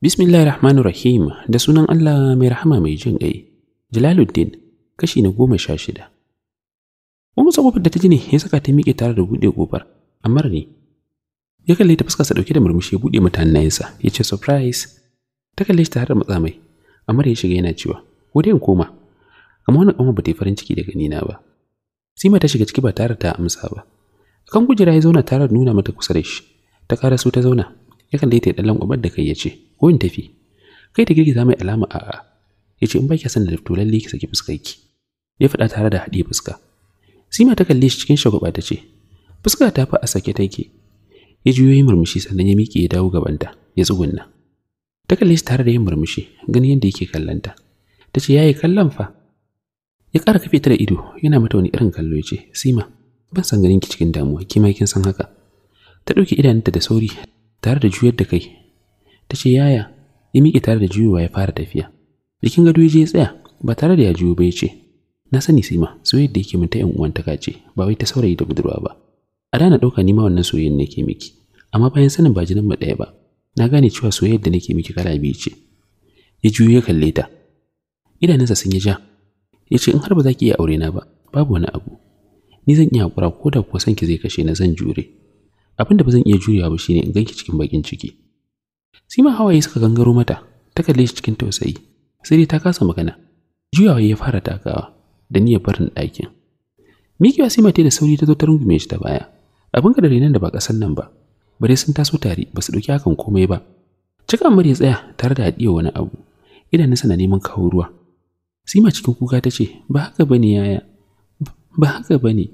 Bismillahi Rahmanir Rahim da sunan Allah mai rahama mai jin ƙai. Jalaluddin kashi na goma sha shida. Wani sabobin da ta jini ya saka ta miƙe tare da buɗe ƙofar, amma ne. Ya kalle ta fuskarsa ɗauke da murmushi ya buɗe mata ya ce surprise. Ta kalle shi tare da matsamai, a amma ya shiga yana cewa, ko dai in koma. Amma wani ƙanwa ba ta yi farin ciki daga nina ba. Sima ta shiga ciki ba tare ta amsa ba. Kan kujera ya zauna tare da nuna mata kusa da shi. Ta ƙara su ta zauna. Ya kalle ta dan langwabar da kai ya ce, "Ko in tafi?" Kai ta girgiza mai alama a Ya ce, "In ba ki san da lifto lalle ki saki fuskarki." Ya faɗa tare da haɗiye fuska. Sima ta kalle shi cikin shagwaba ta ce, "Fuska ta fa a sake take." Ya juyo yi murmushi sannan ya miƙe ya dawo gabanta, ya tsugunna. Ta kalle shi tare da yin murmushi, ganin yadda yake kallanta. Ta ce, "Yayi kallon fa?" ya ƙara kafe ta da ido yana mata wani irin kallo ya ce sima ban san ganin ki cikin damuwa ki ma kin san haka ta ɗauki idanunta da sauri tare da juyar da kai ta ce yaya ya miƙe tare da juyowa ya fara tafiya jikin gado ya je ya tsaya ba tare da ya juyo ba ya ce na sani sima soyayyar da yake min ta yan uwan ta kace ba wai ta saurayi da budurwa ba a da ɗauka ni ma wannan soyayyar nake miki amma bayan sanin ba jinin mu ɗaya ba na gane cewa soyayyar da nake miki kala biyu ce ya juyo ya kalle ta idanunsa sun yi ja ya ce in har ba za ki iya aure na ba babu wani abu ni zan iya hakura ko da kuwa ki zai kashe na zan jure abin da ba zan iya jurewa ba shine in ganki cikin bakin ciki sima hawaye suka gangaro mata ta kalle shi cikin tausayi sai dai ta kasa magana juyawa ya fara takawa da niyyar barin ɗakin mikiwa sima ta da sauri ta zo ta rungume shi ta baya abin da nan da ba kasan nan ba bare sun taso tare ba su ɗauki hakan komai ba Cika Amir ya tsaya tare da haɗiya wani abu, idan na neman kawo ruwa, Sima cikin kuka ta ce, Ba haka ba ne yaya, ba haka ba ne.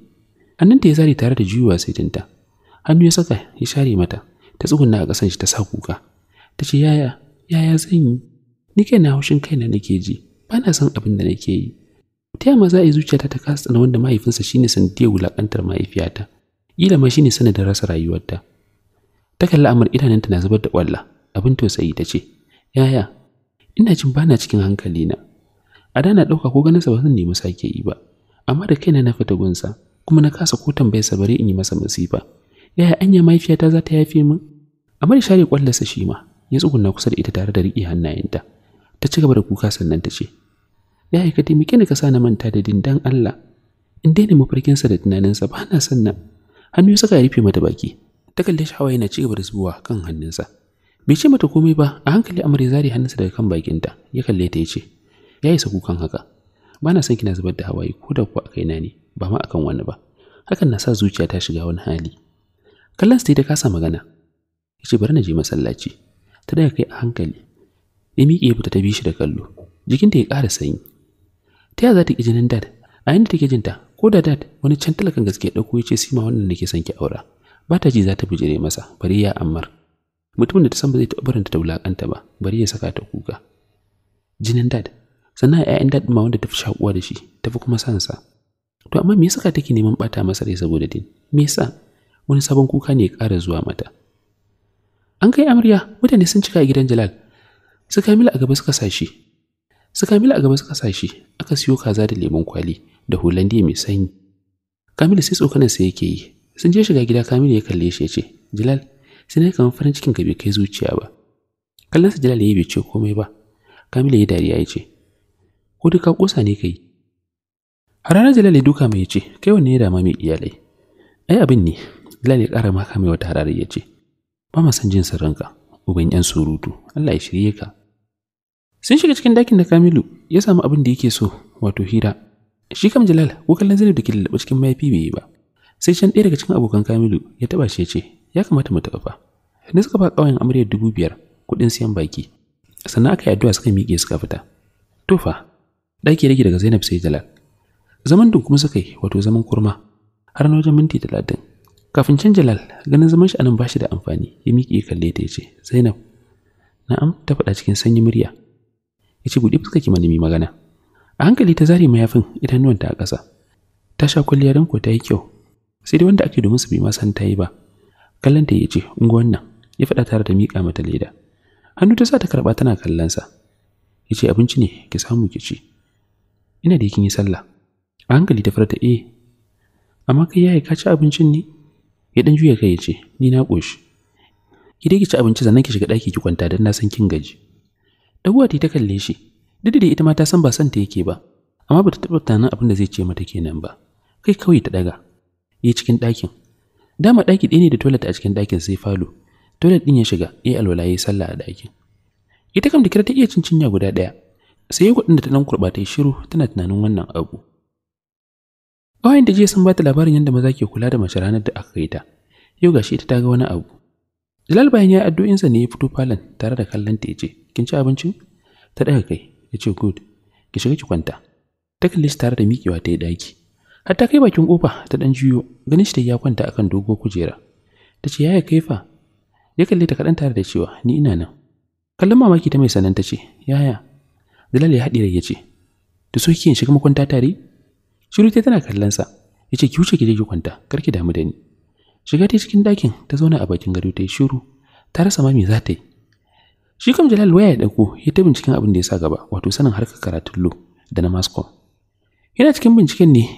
ta ya zare tare da juyowa sai tinta. Hannu ya saka ya share mata, ta tsugunna a ƙasan shi ta sa kuka. Ta ce, Yaya, yaya zan yi? Ni na haushin kaina nake ji, ba na son abin da nake yi. Ta yamma za a yi zuciyata ta kasa tsana wanda mahaifinsa shine sanadiyar wulaƙantar mahaifiyata. Ƙila ma shine sanadin rasa rayuwarta. Ta kalli amur idanunta na zubar da ƙwalla, abin tausayi ta ce, Yaya, ina jin bana cikin hankalina. a da na ɗauka ko ganinsa ba zan nemi sake yi ba amma da kaina na fita gunsa kuma na kasa ko sa bare in yi masa masifa yaya anya mahaifiyata za ta yafe min amma da share kwallarsa shi ma ya tsugunna kusa da ita tare da riƙe hannayenta ta ci gaba da kuka sannan ta ce yaya ka taimake ni ka sa na manta da dindan Allah in daina mafarkinsa da tunaninsa ba na son nan hannu saka ya rufe mata baki ta kalle shi hawaye na ci gaba da zubowa kan hannunsa bai ce mata komai ba a hankali amare zari hannunsa daga kan bakinta ya kalle ta ya ce ya isa kukan haka ba na son kina zubar da hawaye ko da kuwa a kaina ne ba ma akan wani ba hakan na sa zuciya ta shiga wani hali kallon ta kasa magana ya ce bari na je masallaci ta daga kai a hankali ya miƙe fita ta bi shi da kallo jikinta ya ƙara sanyi ta yaya za ta ƙi jinin dad a yanda take jinta ko da dad wani can talakan gaske ya ɗauko ya ce sima wannan na ke son ki aura ba ta ji za ta bijire masa bari ya ammar mutumin da ta san ba zai taɓa barinta ta wulaƙanta ba bari ya saka ta kuka jinin dad sannan ‘ya'yan daɗin ma wanda ta fi shaƙuwa da shi ta fi kuma son sa to amma me yasa take neman ɓata masa rai saboda din me yasa wani sabon kuka ne ya ƙara zuwa mata an kai amarya mutane sun cika a gidan jalal su kamila a gaba suka shi su kamila a gaba suka shi aka siyo kaza da lemon kwali da hollandiya mai sanyi kamilu sai tsokanar sa yake yi sun je shiga gida kamilu ya kalle shi ya ce jalal sai na yi kamar farin cikin ka bai kai zuciya ba kallon sa jalal ya bai ce komai ba kamilu ya dariya ya ce ko duka kusa ne kai a ranar jalal ya duka mai yace, kai wanne ya dama mai iyalai ai abin ne jalal ya ƙara maka mai wata harare ya ce ba ma san jin sirrinka uban yan surutu Allah ya shirye ka sun shiga cikin dakin da Kamilu ya samu abin da yake so wato hira shi kam Jalal ko kallon Zainab da ke cikin mayafi bai yi ba sai shan ɗaya daga cikin abokan Kamilu ya taba shi ce ya kamata mu taɓa fa ne suka ba ƙauyen amarya dubu biyar kuɗin siyan baki sannan aka yi addu'a suka miƙe suka fita to Ɗaki rage daga Zainab sai Jalal. Zaman dun kuma suka yi wato zaman kurma har na wajen minti talatin. Kafin can Jalal ganin zaman shi anan ba shi da amfani ya miƙe kalle ta ya ce Zainab na'am ta faɗa cikin sanyi murya. Ya ce buɗe fuska ki manemi magana. A hankali ta zare mayafin idanuwanta a ƙasa. Ta sha kwalliya don ko ta yi kyau. Sai dai wanda ake domin su bi ma san ta yi ba. Kallon ta ya ce unguwan nan ya faɗa tare da miƙa mata leda. Hannu ta sa ta karɓa tana kallonsa. Ya ce abinci ne ki samu ki ci. ina da yakin yi sallah a hankali ta farta eh amma kai yayi ka ci abincin ne ya dan juya kai ya ce ni na koshi ki dai ki ci abinci sannan ki shiga daki ki kwanta dan na san kin gaji uwa ta kalle shi duk da ita ma ta san ba san ta yake ba amma bata taba tunanin abin da zai ce mata kenan ba kai kawai ta daga yi cikin dakin dama ɗaki ɗaya ne da toilet a cikin ɗakin sai falo toilet ɗin ya shiga eh alwala ya sallah a ɗakin ita kam da kira ta iya cin cinya guda ɗaya sai kuɗin da ta nan kurɓa ta yi shiru tana tunanin wannan abu. Ƙawayen da jiya sun ba ta labarin yadda maza ke kula da mace ranar da aka kai ta, yau gashi ita ta ga wani abu. Jalal bayan ya addu'insa ne ya fito falon tare da kallon ta ya ce, Kin ci abincin? Ta ɗaga kai, ya ce, Good, ki shiga ki kwanta. Ta kalli tare da miƙewa ta yi ɗaki. Har ta kai bakin ƙofa ta ɗan juyo, ganin shi ta ya kwanta akan dogo kujera. Ta ce, Yaya kaifa? Ya kalli ta kaɗan tare da cewa, Ni ina nan. Kallon mamaki ta mai sanan ta ce, Yaya, Dalal ya haɗe ya ce, "Da so kike shiga makwanta tare?" Shiru ta tana kallon sa, ya ce, "Ki wuce ki je ki kwanta, kar ki damu da ni." Shiga ta cikin ɗakin ta zauna a bakin gado ta yi shiru, ta rasa ma me za ta yi. Shi kam Jalal waya ya ɗauko ya ta binciken abin da ya sa gaba, wato sanin harkar karatun lo da na mascom. Yana cikin binciken ne,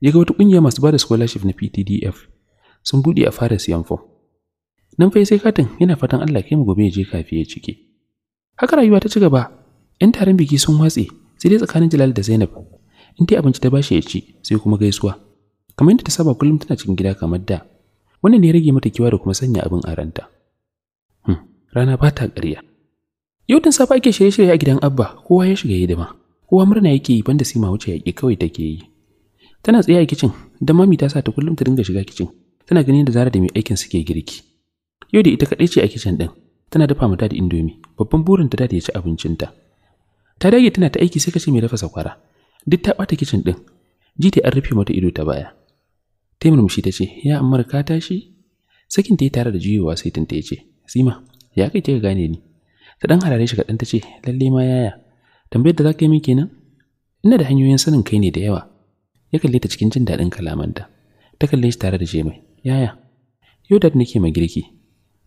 ya ga wata ƙungiya masu ba da scholarship na PTDF sun buɗe a fara siyan fom. Nan fa sai katin yana fatan Allah kai mu gobe ya je kafi ya cike. Haka rayuwa ta ci gaba 'yan taron biki sun watse sai dai tsakanin jalal da zainab in dai abinci ta bashi ya ci sai kuma gaisuwa kamar yadda ta saba kullum tana cikin gida kamar da wannan ne rage mata kiwa da kuma sanya abin a ranta hmm, rana ba ta ƙarya yau din safa ake shirye-shirye a gidan abba kowa ya shiga hidima kowa murna yake yi banda sima wuce yaƙi kawai take yi tana tsaye a kicin don mami ta sa ta kullum ta dinga shiga kicin tana ganin da zara da mai aikin suke girki yau da ita kaɗai ce a kicin ɗin tana dafa mata da indomi babban burin ta da ya ci abincinta ta dage tana ta aiki sai kace mai dafa sakwara duk ta bata kicin din ji ta rufe mata ido ta baya ta murmushi ta ce ya amar ka tashi sakin ta yi tare da juyowa sai tunta ya ce sima ya kai ka gane ni ta dan harare shi kaɗan ta ce lalle ma yaya tambayar da za ka yi min kenan ina da hanyoyin sanin kai ne da yawa ya kalle ta cikin jin daɗin kalamanta ta kalle shi tare da jemai yaya yau da nake ma girki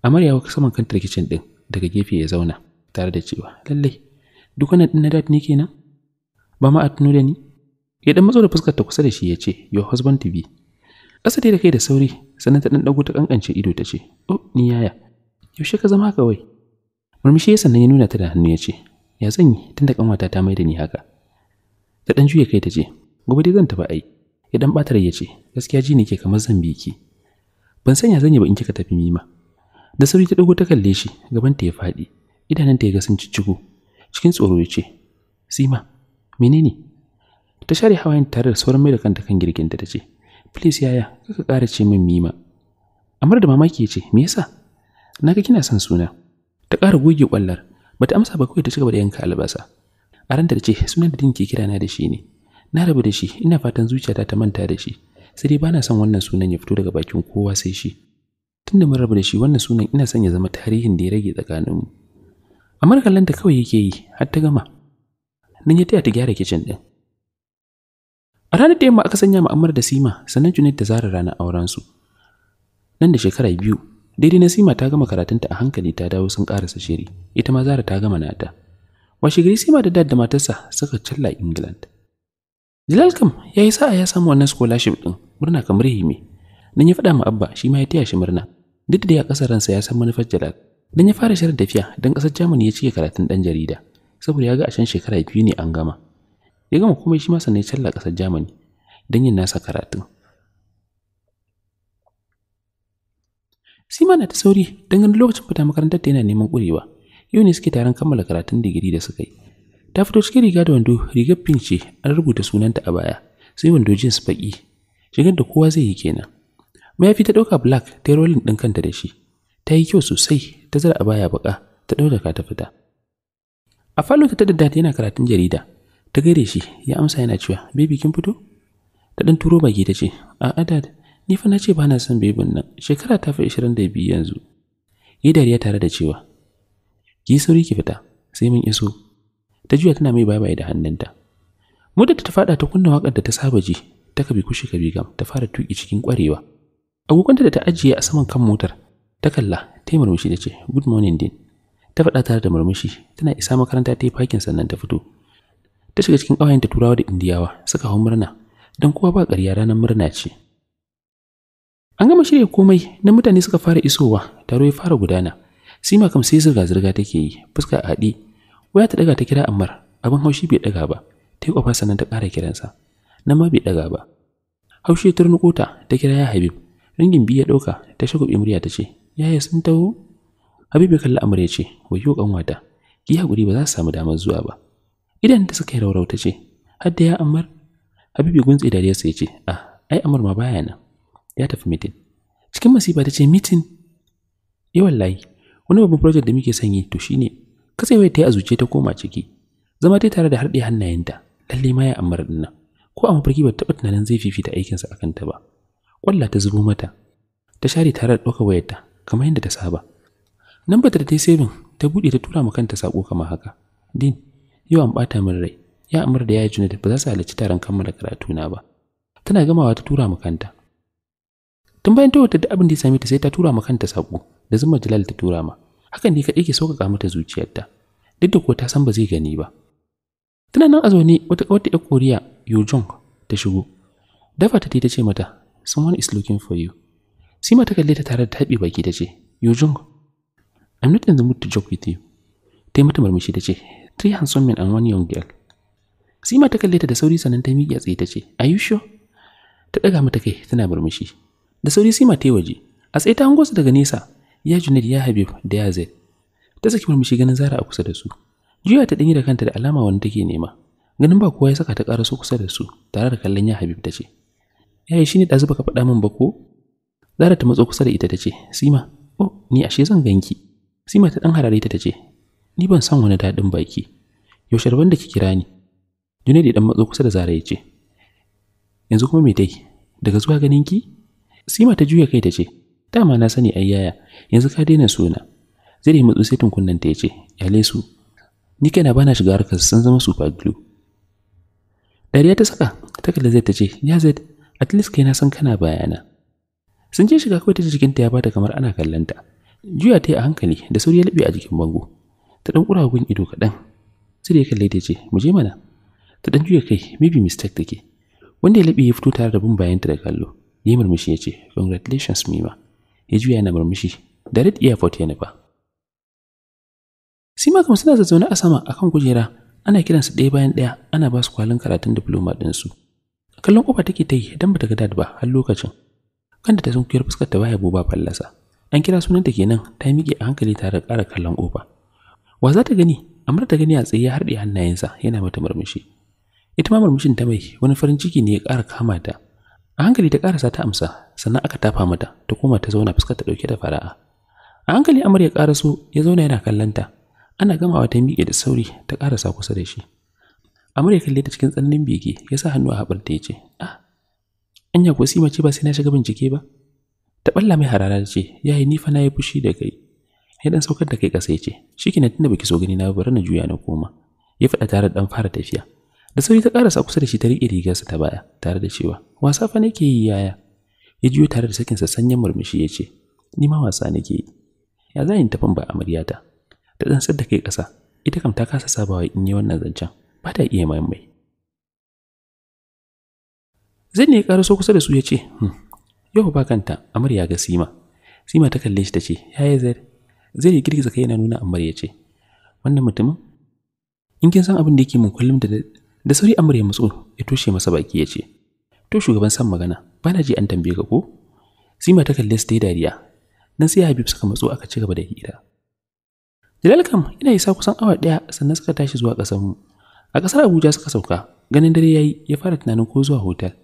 amarya ya saman kanta da kicin din daga gefe ya zauna tare da cewa lallai duk wannan ɗin na dad ne kenan ba ma a tuno da ni ya dan matso da fuskar ta kusa da shi ya ce your husband to be ƙasa da kai da sauri sannan ta dan dago ta kankance ido ta ce oh ni yaya yaushe ka zama haka wai murmushi ya sannan ya nuna ta da hannu ya ce ya zan yi tunda kanwata ta mai da ni haka ta dan juya kai ta ce gobe dai zan tafi ai ya dan ya ce gaskiya ji ke kamar zan bi ki ban sanya zan yi ba in kika tafi mima da sauri ta dago ta kalle shi gaban ta ya faɗi ta ya ga sun cicciko cikin tsoro ya ce sima menene ta share hawayen tare da sauran mai da kanta kan girginta ta ce please yaya kaka ƙara ce min mima amar da mamaki ya ce me yasa na ga kina son suna ta ƙara goge ƙwallar bata amsa ba kawai ta cigaba da yanka albasa a ranta ta ce sunan da dinki kira na da shi ne na rabu da shi ina fatan zuciyata ta manta da shi sai dai bana son wannan sunan ya fito daga bakin kowa sai shi tunda mun rabu da shi wannan sunan ina son ya zama tarihin da ya rage tsakaninmu amar kallon ta kawai yake yi har ta gama nan ya taya ta gyara kicin din a ranar da yamma aka sanya ma'amar da sima sannan junaid da zara ranar su. nan da shekara biyu daidai na sima ta gama karatunta a hankali ta dawo sun karasa shiri ita ma zara ta gama nata washe gari sima da dad da matarsa suka challa england Jilal kam ya yi sa'a ya samu wannan scholarship din murna kamar hime. Nan ya faɗa ma Abba shi ma ya taya shi murna. Duk da ya ƙasa ransa ya san manufar Jalal Dan ya fara shirin tafiya dan kasar Germany ya cike karatun dan jarida saboda ya ga a can shekara biyu ne an gama. Ya gama kuma shi ma sannan ya challa ƙasar Germany dan yin nasa karatun. Sima na ta sauri dan ganin lokacin fita makarantar ta yana neman ƙurewa. Yau ne suke taron kammala karatun digiri da suka yi. Ta fito cikin riga da wando rigar pink an rubuta sunanta a baya sai wando jeans baki shigar da kowa zai yi kenan. fi ta ɗauka black ta yi rolling ɗin kanta da shi ta yi kyau sosai ta zara a baya baka ta ka ta fita a falo ta da dadi yana karatun jarida ta gare shi ya amsa yana cewa baby kin fito ta ɗan turo baki ta ce a adad ni fa na ce ba na son bebin nan shekara ta fi da biyu yanzu yi dariya tare da cewa ki sauri ki fita sai mun iso ta juya tana mai bye da hannunta Muda ta faɗa ta kunna wakar da ta saba ji ta kabi kushe kabi gam ta fara tuƙi cikin ƙwarewa. agogonta da ta ajiye a saman kan motar ta kalla ta yi murmushi ta ce good morning din ta faɗa tare da murmushi tana isa makaranta ta yi fakin sannan ta fito ta shiga cikin ƙawayenta turawa da indiyawa suka hau murna don kowa ba ƙarya ranar murna ce an gama shirya komai na mutane suka fara isowa taro ya fara gudana sima kam sai zirga-zirga take yi fuska a haɗi waya ta ɗaga ta kira ammar abin haushi bai ɗaga ba ta yi ƙofa sannan ta ƙara kiransa nan ma bai ɗaga ba haushi ya turnuƙo ta ta kira ya habib ringin biyu ya ɗauka ta shagwabe murya ta ce yaya sun taho habibu kalli amur ya ce wayo kanwata ki hakuri ba za su samu damar zuwa ba idan ta suka yi ta ce har da ya amar habibu guntsi da ya ce ah ai amar ma baya nan ya tafi mitin cikin masifa ta ce mitin eh wallahi wani babban project da muke sanyi to shine katsewai ta yi a zuciya ta koma ciki zama ta tare da harɗe hannayenta lalle ma ya amar dinnan ko a mafarki ba taɓa tunanin zai fifita aikinsa a kanta ba ƙwalla ta zubo mata ta share tare da ɗaukar wayarta kamar yadda ta saba nan da ta dai saving ta buɗe ta tura ma kanta sako kamar haka din yau an ɓata min rai ya amur da ya yi ba za su halarci taron kammala karatu na ba tana gamawa ta tura ma kanta tun bayan ta wata da abin da ya same ta sai ta tura ma kanta sako da zuma jalal ta tura ma hakan ne kaɗai ke sauƙaƙa mata zuciyarta duk da ko ta san ba zai gani ba tana nan a zaune wata wata ƴar koriya yojong ta shigo dafa ta ta ce mata someone is looking for you Sima ta kalle ta tare da taɓi baki ta ce, Yujung, I'm not in the mood to joke with you. Ta yi mata murmushi ta ce, Three handsome men and one young girl. Sima ta kalle ta da sauri sannan ta miƙe tsaye ta ce, Are you sure? Ta ɗaga mata kai tana murmushi. Da sauri Sima ta yi waje, a tsaye ta hango su daga nesa, ya Junaid ya Habib da ya Zaid. Ta saki murmushi ganin Zara a kusa da su. Juya ta ɗanyi da kanta da alama wani take nema. Ganin ba kowa ya saka ta ƙara so kusa da su, tare da kallon ya Habib ta ce, shi ne ɗazu baka faɗa min ba ko? Zara ta matso kusa da ita ta ce, Sima, oh, ni ashe zan ganki. Sima ta ɗan harare ta tace. Ni ban san wani daɗin baki. Yaushe rabon da ki kira ni. Junaidu ɗan matso kusa da Zara ya ce, Yanzu kuma me dai, daga zuwa ganin ki? Sima ta juya kai ta ce, Dama na sani ai yaya, yanzu ka daina suna. Zai matsu sai ta ya ce, Yale su, ni kaina bana shiga harkar sun zama super glue. Dariya ta saka, ta kalli zai ta ce, Ya zai, at least kai na san kana bayana. sun je shiga kawai ta jikinta ya bata kamar ana kallonta juya ta a hankali da sauri ya labe a jikin bango ta ɗan kura gun ido kaɗan sai da ya kalle ta ce mu je mana ta ɗan juya kai maybe mistake take wanda ya labe ya fito tare da bin bayanta da kallo ya murmushi ya ce congratulations mima ya juya yana murmushi da red fort ya nufa sima kuma suna zazzauna a sama akan kujera ana kiransu ɗaya bayan ɗaya ana ba su kwalin karatun diploma ɗinsu kallon kofa take ta yi don ba ta ga dad ba har lokacin wanda ta sunkuyar fuskar ta baya buba fallasa an kira sunan ta kenan ta miƙe a hankali tare da ƙara kallon ƙofa wa za ta gani amma ta gani a tsaye ya harɗe hannayensa yana mata murmushi ita ma murmushin ta mai wani farin ciki ne ya ƙara kama ta a hankali ta ƙarasa ta amsa sannan aka tafa mata ta koma ta zauna fuskar ta ɗauke da fara'a a hankali amar ya ƙaraso ya zauna yana kallon ta ana gamawa ta miƙe da sauri ta ƙarasa kusa da shi amar ya kalle ta cikin tsananin bege ya sa hannu a haɓar ta ya ce ah anya ko sima ce ba sai na shiga bincike ba ta balla mai harara ce yayi ni fa yi fushi da kai ya dan saukar da kai kasa ya ce shikenan tunda baki so gani na bari na juya na koma ya faɗa tare dan fara tafiya da sauri ta karasa kusa da shi ta riƙe rigarsa ta baya tare da cewa wasa fa nake yi yaya ya juyo tare da sakinsa sanyin murmushi ya ce ni ma wasa nake yi ya za yin tafin ba amaryata ta dan sadda kai kasa ita kam ta kasa sabawa in yi wannan zancen ba ta iya mai mai Zai ne ya ƙaraso kusa da su ya ce, hmm, Yau ba kanta, Amar ya ga Sima. Sima ta kalle shi ta ce, Ya yi zai. Zai girgiza kai yana nuna amarya ya ce, Wannan mutumin? In kin san abin da yake min kullum da da sauri Amar ya matso ya toshe masa baki ya ce, To shugaban san magana, ba na ji an tambaye ka ko? Sima ta kalle su ta yi dariya. Nan sai Habib suka matso aka ci gaba da hira. Jalal kam yana isa kusan awa ɗaya sannan suka tashi zuwa mu. A ƙasar Abuja suka sauka, ganin dare ya yi ya fara tunanin ko zuwa hotel.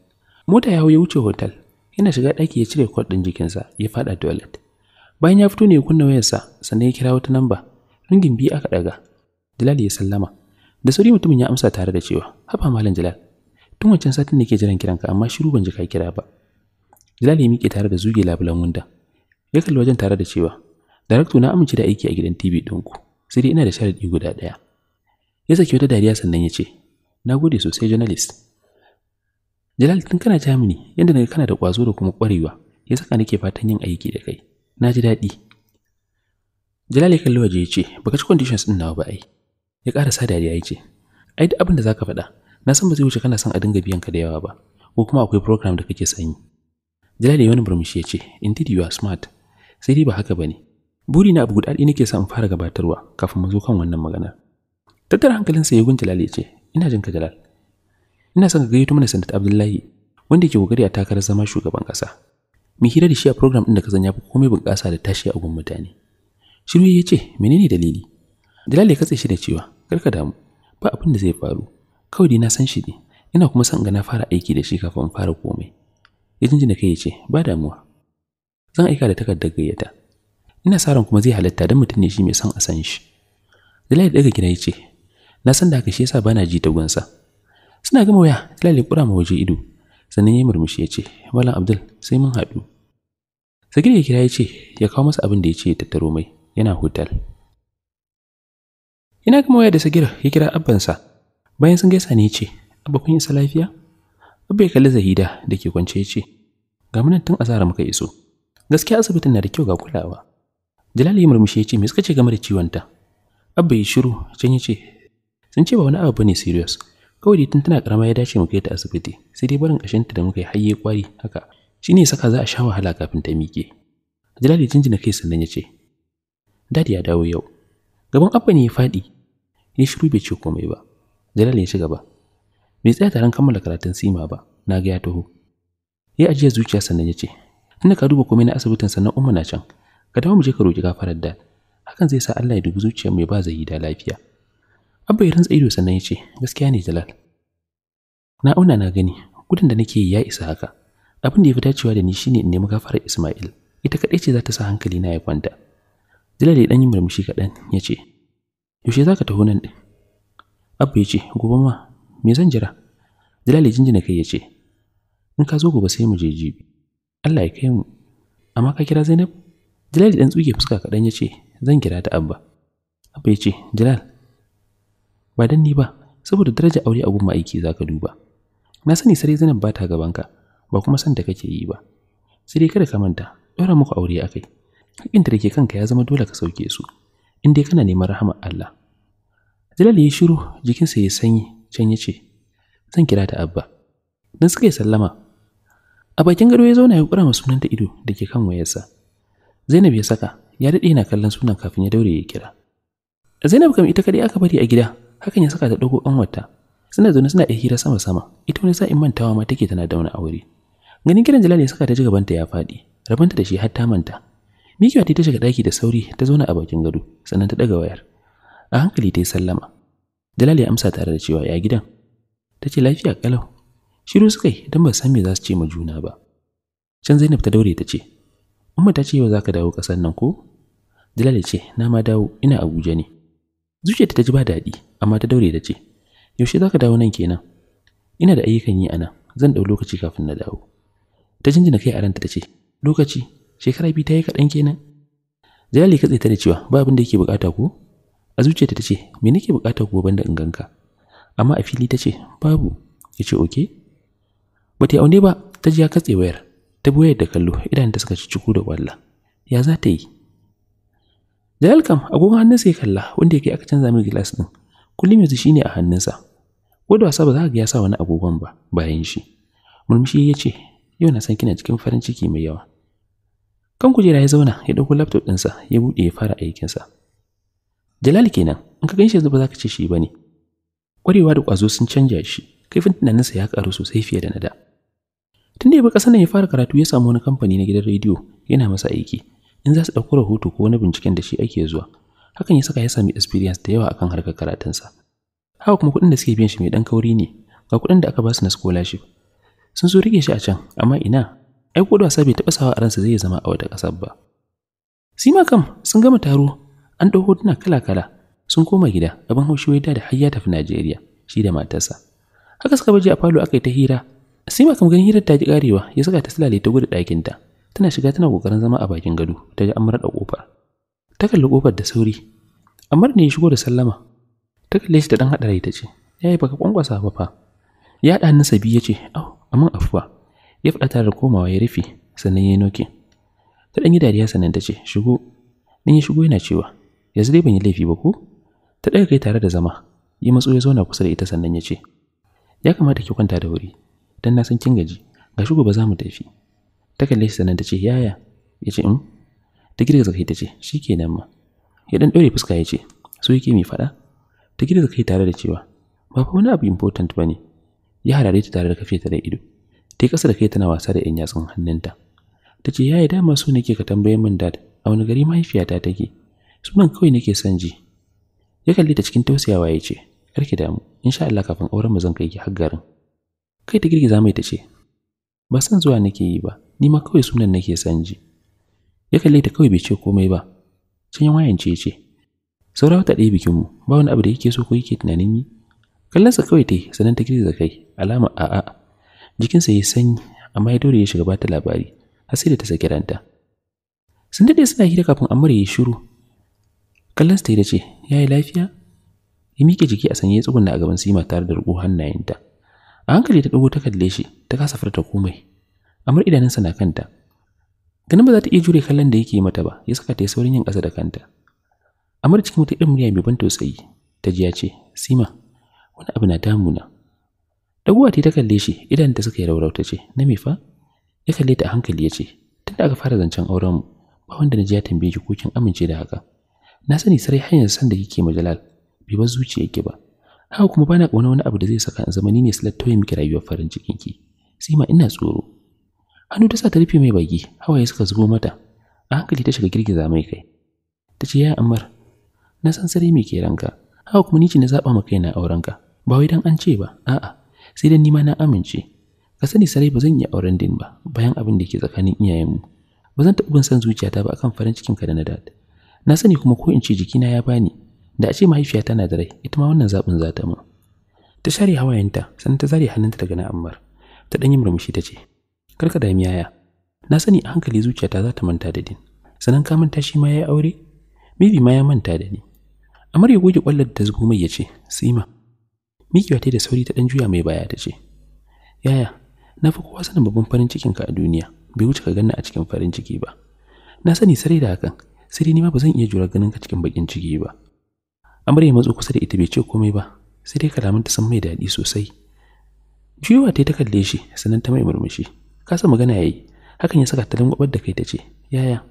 mota ya hau ya wuce hotel yana shiga ɗaki ya cire kwat jikinsa ya faɗa toilet bayan ya fito ne ya kunna wayarsa sannan ya kira wata namba ringin biyu aka ɗaga jalal ya sallama da sauri mutumin ya amsa tare da cewa haba malam jalal tun wancan satin da ke jiran kiranka amma shiru ban ji ka kira ba jalal ya miƙe tare da zuge labulan wunda ya kalli wajen tare da cewa darakto na amince da aiki a gidan tv ɗinku sai dai ina da sharadi guda ɗaya ya saki wata dariya sannan ya ce na gode sosai journalist Jalal tun kana Germany yadda naga kana da ƙwazo da kuma kwarewa ya saka nake fatan yin aiki da kai. Na ji daɗi. Jalal ya kalli waje ya ce baka ci conditions din nawa ba ai. Ya karasa sa dariya ya ce ai duk abin da zaka faɗa na san ba zai wuce kana son a dinga biyan ka da yawa ba ko kuma akwai program da kake sanyi. Jalal ya yi wani murmushi ya ce indeed you are smart sai dai ba haka bane. Buri na abu guda ɗaya nake son fara gabatarwa kafin mu zo kan wannan magana. Tattara hankalinsa ya gunta Jalal ya ce ina jinka Jalal ina son ka gayyato mana sanata abdullahi wanda ke kokari a takarar zama shugaban kasa mu hira da shi a program din da ka zanya fi komai bunƙasa da tashi a gun mutane shiru ya ce menene dalili dalali ya katse shi da cewa karka damu ba abin da zai faru kawai dai na san shi ne ina kuma son ga na fara aiki da shi kafin fara komai ya jinjina kai ya ce ba damuwa zan aika da takardar gayyata ina sa ran kuma zai halatta dan mutum ne shi mai son a san shi dalali daga gida ya ce na san da haka shi yasa bana ji ta gunsa suna gama waya lalle kura ma waje ido sannan ya murmushi ya ce malam abdul sai mun haɗu sagir ya kira ya ce ya kawo masa abin da ya ce ya tattaro mai yana hotel ina gama waya da sagir ya kira sa, bayan sun gaisa ne ya ce abba kun isa lafiya abba ya kalli zahida da ke kwance ya ce ga munan tun azara muka iso gaskiya asibitin na da kyau ga kulawa Jalali ya murmushi ya ce me suka ce game da ciwon ta abba ya shiru can ya ce sun ce ba wani abu bane serious kawai dai tuntuna karama ya dace mu kai ta asibiti sai dai barin kashinta da muka yi hayye kwari haka Shi shine saka za a sha wahala kafin ta miƙe jalali jinjina kai sannan ya ce dadi ya dawo yau gaban abba ne ya faɗi ya shiru bai ce komai ba jalali ya ci gaba bai tsaya taron kammala karatun sima ba na ga ya taho ya ajiye zuciya sannan ya ce tunda ka duba komai na asibitin sannan umma na can ka dawo mu je ka roki gafarar da hakan zai sa Allah ya dubi zuciyar mai ba zai yi da lafiya Abba ya rantsa ido sannan ya ce, gaskiya ne Jalal. Na auna na gani, gudun da nake yi ya isa haka. Abin da ya fi dacewa da ni shine in nemi gafarar Ismail. Ita kaɗai ce za ta sa hankali na ya kwanta. Jalal ya ɗan yi murmushi kaɗan ya ce, Yaushe za ka taho nan ɗin? Abba ya ce, gobe ma, me zan jira? Jalal ya jinjina kai ya ce, In ka zo gobe sai mu je jibi. Allah ya kai mu. Amma ka kira Zainab? Jalal ya ɗan tsuke fuska kaɗan ya ce, Zan kira ta Abba. Abba ya ce, Jalal, ba dan ni ba saboda daraja aure abun ma'aiki za zaka duba na sani sare zanin ba ta ka, ba kuma san da kake yi ba sai dai kada ka manta yaron muku aure a kai haƙƙinta da ke kanka ya zama dole ka sauke su in dai kana neman rahama Allah Jalal ya shiru jikin sa ya sanyi can ya ce zan kira ta abba dan suka yi sallama a bakin gado ya zauna ya kura ma sunan ta ido da ke kan wayarsa Zainab ya saka ya dade yana kallon sunan kafin ya daure ya kira Zainab kam ita kadai aka bari a gida hakan ya saka ta ɗago ƙanwarta suna zaune suna da hira sama sama ita wani sa'in mantawa ma take tana da wani aure ganin kiran jalali ya saka ta ji gabanta ya faɗi rabanta da shi har ta manta mikiwa ta shiga daki da sauri ta zauna a bakin gado sannan ta ɗaga wayar a hankali ta yi sallama jalal ya amsa tare da cewa ya gidan ta ce lafiya kalau shiru suka yi don ba san me za su ce ma juna ba can zainab ta daure ta ce umma ta ce yau za ka dawo kasan nan ko jalal ce na ma dawo ina abuja ne zuciyarta ta ji ba daɗi amma ta daure da ce yaushe za ka dawo nan kenan ina da ayyukan yi a nan zan ɗau lokaci kafin na dawo ta jinjina kai a ranta ta ce lokaci shekara biyu ta yi kaɗan kenan jalali katse ta da cewa ba abin da yake bukata ko a zuciyarta ta ce me nake bukata ko banda in ganka amma a fili ta ce babu ya ce oke ba ta aune ba ta ji ya katse wayar ta bi wayar da kallo idan ta suka ci ciku da kwalla ya za ta yi Jalal kam agogon sa ya kalla wanda yake aka canza mai gilas din Kullum yanzu shine a hannunsa. Ko da wasa ba za ka ga ya sa wani agogon ba bayan shi. Murmushi ya ce, "Yau na san kina cikin farin ciki mai yawa." Kan kujera ya zauna ya ɗauko laptop ɗinsa ya buɗe ya fara aikinsa. Jalal kenan, in ka ganshi yanzu ba za ka ce shi ba ne. da ƙwazo sun canja shi, kaifin tunaninsa ya karu sosai fiye da na da. Tun da ya bi nan ya fara karatu ya samu wani kamfani na gidan rediyo yana masa aiki. in za su ɗauko rahoto ko wani binciken da shi ake zuwa hakan ya saka ya sami experience da yawa akan harkar karatunsa haka kuma kuɗin da suke biyan shi mai ɗan kauri ne ga kuɗin da aka ba su na scholarship sun so rike shi a can amma ina ai ko da wasa bai taɓa sawa a ransa zai zama a wata ƙasar ba sima kam sun gama taro an ɗau hotuna kala-kala sun koma gida gaban haushi da da har ya tafi Najeriya shi da matarsa haka suka baje a falo aka yi ta hira sima kam ganin hirar ta ji karewa ya saka ta silale ta gudu ɗakinta tana shiga tana kokarin zama a bakin gado ta ji an da kofar ta kalli kofar da sauri Amar ne ya shigo da sallama ta kalle shi da dan hadarai ta ce yayi baka kwankwasa ba fa ya da hannunsa biyu ya ce au amma afuwa ya fada tare da komawa ya rufe sannan ya noke ta dan yi dariya sannan ta ce shigo dan ya shigo yana cewa yanzu dai ban yi laifi ba ko ta daga kai tare da zama yi matso ya zauna kusa da ita sannan ya ce ya kamata ki kwanta da wuri dan na san kin gaji ga shigo ba za mu tafi ta kalle shi sannan ta ce yaya ya ce in mm. ta girgiza kai ta ce shi kenan ma ya dan ɗaure fuska ya ce so yake mai faɗa ta girgiza kai tare da cewa ba fa wani abu important ba ne ya harare ta tare da kafe ta da ido ta yi ƙasa da kai tana wasa da ‘yan yatsun hannunta ta ce yaya dama so nake ka tambaye min dad a wani gari mahaifiyata take sunan kawai nake son ji ya kalle ta cikin tausayawa ya ce kar ki damu insha Allah kafin auren mu zan kai ki har garin kai ta girgiza mai ta ce ba san zuwa nake yi ba ni ma kawai sunan nake san ji ya kalle ta kawai bai ce komai ba can ya wayan ce ce saura wata ɗaya bikin mu ba wani abu da yake so ko yake tunanin yi kallansa kawai ta yi sanan ta girgiza kai alama a'a jikinsa ya sanyi amma ya dore ya shiga bata labari har sai da ta saki ranta sun daɗe suna hira kafin amurya ya shiru kallansa ta yi da ce ya yi lafiya ya miƙe jiki a sanye ya tsugunna a gaban sima tare da riƙo hannayenta a hankali ta ɗago ta kalle shi ta kasa furta komai Amar idaninsa na kanta. Ganin ba za ta iya jure kallon da yake mata ba, ya saka ta yi saurin yin ƙasa da kanta. amur cikin wata irin murya mai ban tausayi, ta ji ya ce, Sima, wani abu na damuna. Daguwa ta kalle shi, idan ta suka yi raurau ta ce, Na me fa? Ya kalle ta a hankali ya ce, da aka fara zancen auren mu, ba wanda na ji ya tambaye ki ko kin amince da haka. Na sani sarai hanyar san da kike ma Jalal, bai bar zuciyarki ba. Haka kuma bana ƙauna wani abu da zai saka in zama ni ne su tauye miki rayuwar farin cikin ki. Sima ina tsoro. hannu ta sa ta rufe mai baki hawaye suka zubo mata a hankali ta shiga girgiza mai kai ta ce ya amar na san sare mai ke ranka haka kuma ni ce na zaba ma kaina auren ka ba wai dan an ce ba a'a sai ni nima na amince ka sani sarai ba zan yi auren din ba bayan abin da ke tsakanin iyayenmu ba zan taɓa bin san zuciyata ba akan farin cikin ka da na dad na sani kuma ko in ce jikina ya bani da a ce mahaifiya tana da rai ita ma wannan zaɓin za ta mu. ta share hawayenta sannan ta zare hannunta daga na ammar ta ɗan murmushi ta ce Karka dami yaya na sani a hankali zuciyata za ta manta da din sanan ka manta shi ma ya aure Mibi ma ya manta da ni amar ya goge kwallar da zubo mai ya ce sima mikiwa ta da sauri ta dan juya mai baya ta ce yaya na fi kowa sanin babban farin cikinka a duniya bai wuce ka ganna a cikin farin ciki ba na sani sarai da hakan sai dai ni ma ba zan iya jura ganin ka cikin bakin ciki ba amarya matso kusa da ita bai ce komai ba sai dai ta sun mai daɗi sosai juyowa ta ta kalle shi sannan ta mai murmushi kasa magana yayi hakan ya saka ta langwabar da kai ta ce yaya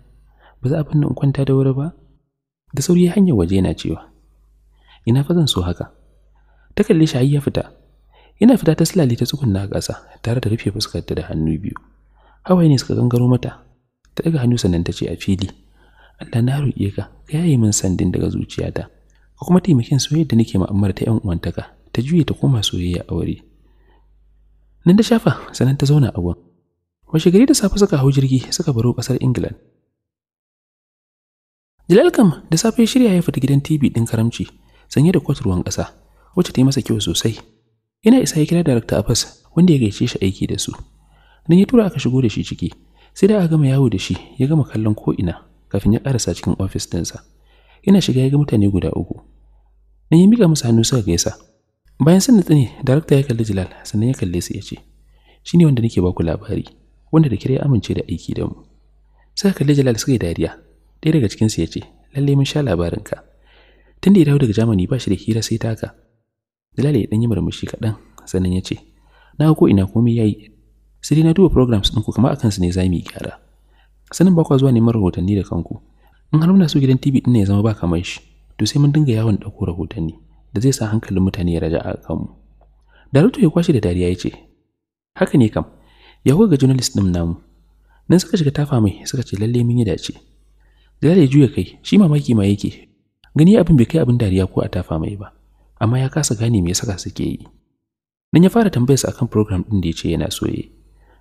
ba za a binne in kwanta da wuri ba da sauri hanyar waje yana cewa ina fa zan so haka ta kalle shi ya fita yana fita ta silale ta tsukun a ƙasa tare da rufe fuskarta da hannu biyu hawaye ne suka gangaro mata ta daga hannu sannan ta ce a fili Allah na roƙe ka ka yayi min sandin daga zuciyata ka kuma taimakin soyayya da nake ma'amar ta 'yan uwantaka ta juye ta koma soyayya a aure nan ta shafa sannan ta zauna a washe gari da safe suka hau jirgi suka baro ƙasar England. Jalal kam da safe ya shirya ya fita gidan TV ɗin karamci sanye da kwat ruwan ƙasa wacce ta yi masa kyau sosai. Ina isa ya kira darakta afas, wanda ya gaice shi aiki da su. Dan ya tura aka shigo da shi ciki sai da aka gama yawo da shi ya gama kallon ko'ina kafin ya karasa cikin ofis ɗinsa. Yana shiga ya ga mutane guda uku. Dan ya miƙa musu hannu suka gaisa bayan sun nutsu ne darakta ya kalli Jalal, sannan ya kalle su ya ce shi ne wanda nake baku labari wanda da kire amince da aiki da mu suka kalli jalal suka yi dariya ɗaya daga cikinsu ya ce lalle mun sha labarinka tun da ya dawo daga jamani ba shi da hira sai taka jalal ya ɗan yi murmushi kaɗan sannan ya ce na ga ko ina komai ya yi sai dai na duba programs ɗinku kamar a kansu ne za mu yi gyara sanin ba kwa zuwa neman rahotanni da kanku in har muna so gidan tv ɗin ne ya zama ba kamar shi to sai mun dinga yawon ɗauko rahotanni da zai sa hankalin mutane ya raja a kanmu. Daruto ya kwashe da dariya ya ce, Haka ne kam, ya ga journalist ɗin namu nan suka shiga tafa mai suka ce lalle mun yi dace Bilal ya juya kai shi mamaki ma yake gani abin bai kai abin dariya ko a tafa mai ba amma ya kasa gane me saka suke yi nan ya fara tambayar sa akan program ɗin da ya ce yana yi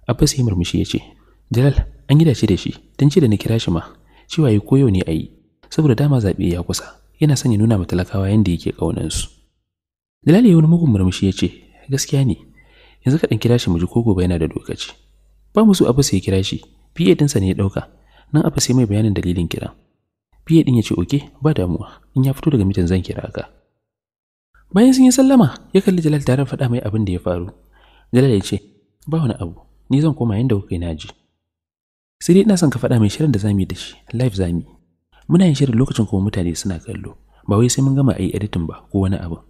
Abbas sai murmushi ya ce Jalal an yi dace da shi dan ce da na kira shi ma cewa yi koyo ne a yi saboda dama zaɓe ya kusa yana son ya nuna ma talakawa yadda yake kaunansu Jalal ya wani mugun murmushi ya ce gaskiya ne yanzu ka dan kira shi mu ji ko gobe yana da lokaci ba mu so abu ya kira shi fiye ɗinsa ne ya ɗauka. nan abu sai mai bayanin dalilin kira fiye din ya ce oke ba damuwa in ya fito daga mitin zan kira ka bayan sun yi sallama ya kalli jalal tare faɗa mai abin da ya faru jalal ya ce ba wani abu ni zan koma yanda kuka na ji sai dai ina son ka faɗa mai shirin da zamu yi da shi live zamu yi muna yin shirin lokacin kuma mutane suna kallo ba wai sai mun gama a yi editin ba ko wani abu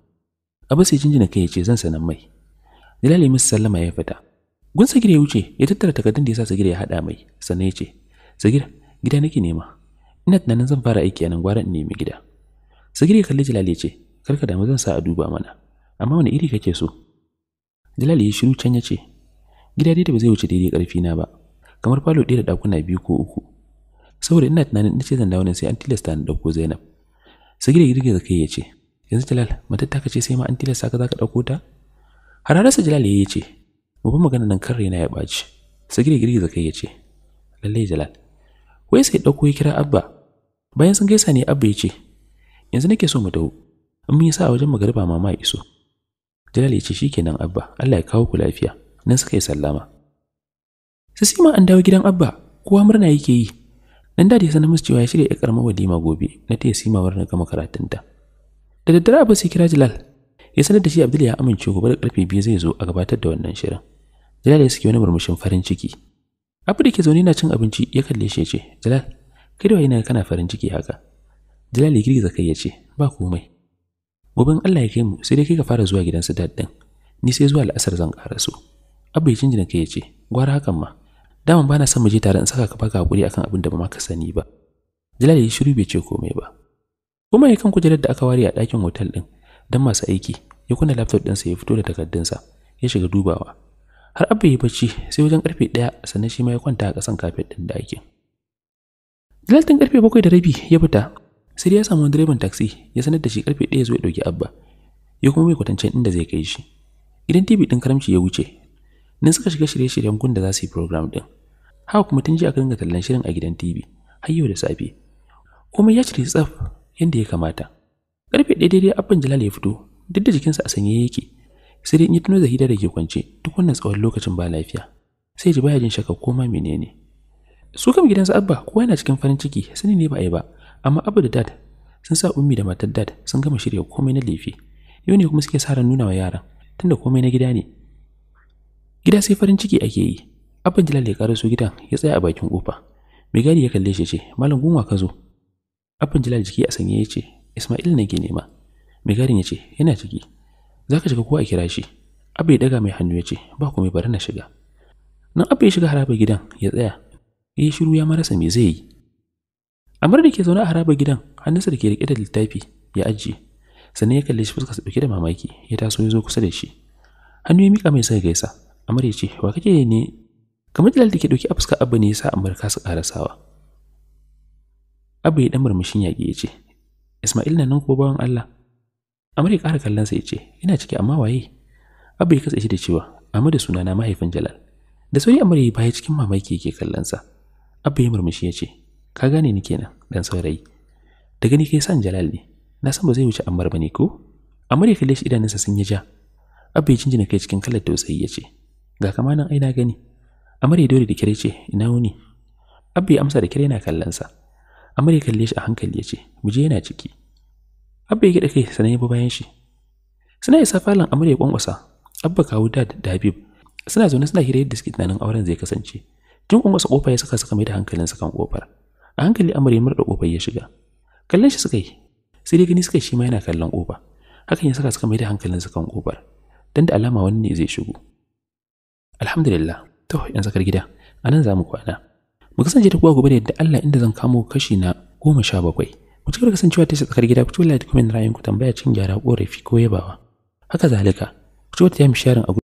abu sai jinjina kai ya ce zan sanan mai Jalal ya musu sallama ya fita. Gun Sagir ya wuce ya tattara takardun da ya sa ya haɗa mai sannan ya ce, Sagira, gida nake nema. Ina tunanin zan fara aiki a nan gwara in nemi gida. Sagir ya kalli Jalal ya ce, ka damu zan sa a duba mana, amma wani iri kake so? Jalal ya shiru can ya ce, Gida dai da ba zai wuce daidai karfi na ba, kamar falo ɗaya da ɗakuna biyu ko uku. Saboda ina tunanin ina ce zan dawo nan sai an tilasta ni ɗauko Zainab. Sagir ya girgiza kai ya ce, Yanzu Jalal, matattaka ce sai ma an tilasta ka za ka ɗauko ta? har hararsa jalal ya ce mu magana nan kan raina ya ɓaci sagir girgiza kai ya ce lallai jalal wai sai ɗauko ya kira abba bayan sun gaisa ne abba ya ce yanzu nake so mu taho in mun yi sa a wajen magariba mama ya iso jalal ya ce shi shikenan abba allah ya kawo ku lafiya nan suka yi sallama sima an dawo gidan abba kowa murna yake yi Nan dadi ya sanar musu cewa ya shirya ya karama walima gobe na taya sima murna gama karatunta da daddare abba sai kira jalal ya sanar da shi Abdul ya amince gobe da karfe biyu zai zo a gabatar da wannan shirin Jalal ya saki wani murmushin farin ciki Abu da ke zaune na cin abinci ya kalle shi ya ce Jalal kai da waye kana farin ciki haka Jalal ya girgiza kai ya ce ba komai gobin Allah ya kai mu sai dai kai ka fara zuwa gidansu daddin ni sai zuwa al'asar zan su. Abu ya jinjina kai ya ce gwara hakan ma daman bana son mu je tare in saka ka baka hakuri akan abin da ba ma ka sani ba Jalal ya shiru bai ce komai ba kuma ya kan kujerar da aka ware a ɗakin hotel ɗin dan masu aiki ya kunna laptop ɗinsa ya fito da takardunsa ya shiga dubawa har abu yi bacci sai wajen karfe ɗaya sannan shi ma ya kwanta a ƙasan kafet ɗin da ake dalatin karfe bakwai da rabi ya fita sai ya samu direban taxi ya sanar da shi karfe ɗaya zuwa ya ɗauki abba ya kuma mai kwatancen inda zai kai shi gidan tv ɗin karamci ya wuce nan suka shiga shirye-shiryen gun da za su yi program ɗin haka kuma tun ji aka dinga tallan shirin a gidan tv har yau da safe komai ya cire tsaf yadda ya kamata Karfe ɗaya daidai abin Jalal ya fito, duk da jikinsa a sanye yake. Sai dai in ya tuno hidar da ke kwance duk wannan tsawon lokacin ba lafiya. Sai ji baya jin shakka ko ma menene. Su kam su Abba kowa yana cikin farin ciki, sani ne ba a yi ba, amma Abba da Dad sun sa ummi da matar Dad sun gama shirya komai na lefe. Yau ne kuma suke sa ran nuna wa yaran, tunda komai na gida ne. Gida sai farin ciki ake yi. abin Jalal ya su gidan ya tsaya a bakin kofa. Mai gadi ya kalle shi ce, "Malam gunwa ka zo?" abin Jalal jiki a sanye ya ce, Ismail ne ke nema. Mai garin ya ce, yana ciki. Za ka shiga ko a kira shi. Abu ya daga mai hannu ya ce, ba ku mai bari na shiga. Nan abu ya shiga haraba gidan ya tsaya. Ya yi shiru ya marasa me zai yi. Amar da ke zaune a harabar gidan, hannunsa da ke riƙe da littafi ya ajiye. Sannan ya kalle shi fuska su ɗauke da mamaki, ya taso ya zo kusa da shi. Hannu ya mika mai sai gaisa. Amar ya ce, wa kake ne? Kamar Jalal da ke ɗauke a fuskar abu ne ya sa Amar kasa ƙarasawa. Abu ya ɗan murmushin yaƙi ya ce, Ismail na nan ko bawan Allah. Amir ya ƙara kallonsa ya ce, Ina ciki amma waye? Abu ya katse shi da cewa, "Amma da sunana mahaifin Jalal. Da sauri Amir ya baya cikin mamaki yake kallonsa. Abu ya murmushi ya ce, Ka gane ni kenan, dan saurayi. Da gani kai san Jalal ne, na san ba zai wuce Ammar bane ne ko? Amir ya kalle shi idanunsa sun yi ja. Abu ya jinjina kai cikin kallon tausayi ya ce, Ga kama nan ai na gani. Amir ya dole da kire ce, Ina wuni? Abu ya amsa da kire yana kallon sa amma ya kalle shi a hankali ya ce, "Mu je yana ciki." Abba ya gida kai sanan ya bi bayan shi. Suna isa falon amma ya kwankwasa. Abba kawo dad da Habib suna zaune suna hira yadda suke tunanin auren zai kasance. tun kwankwasa kofa ya saka suka mai da su kan kofar. A hankali amma ya murda kofar ya shiga. Kallon shi suka yi. Sai dai gani suka shi ma yana kallon kofa. Hakan ya saka suka mai da su kan kofar. Dan da alama wani ne zai shigo. Alhamdulillah. To yanzu kar gida. Anan za mu kwana. mu kasance da kuwa gobe da yadda Allah inda zan kamo kashi na goma sha bakwai ku kasancewa ta tsakar gida ku tula da kuma ra'ayin ku tambaya cin gyara korafi ko yabawa haka zalika ku ta mi sharing a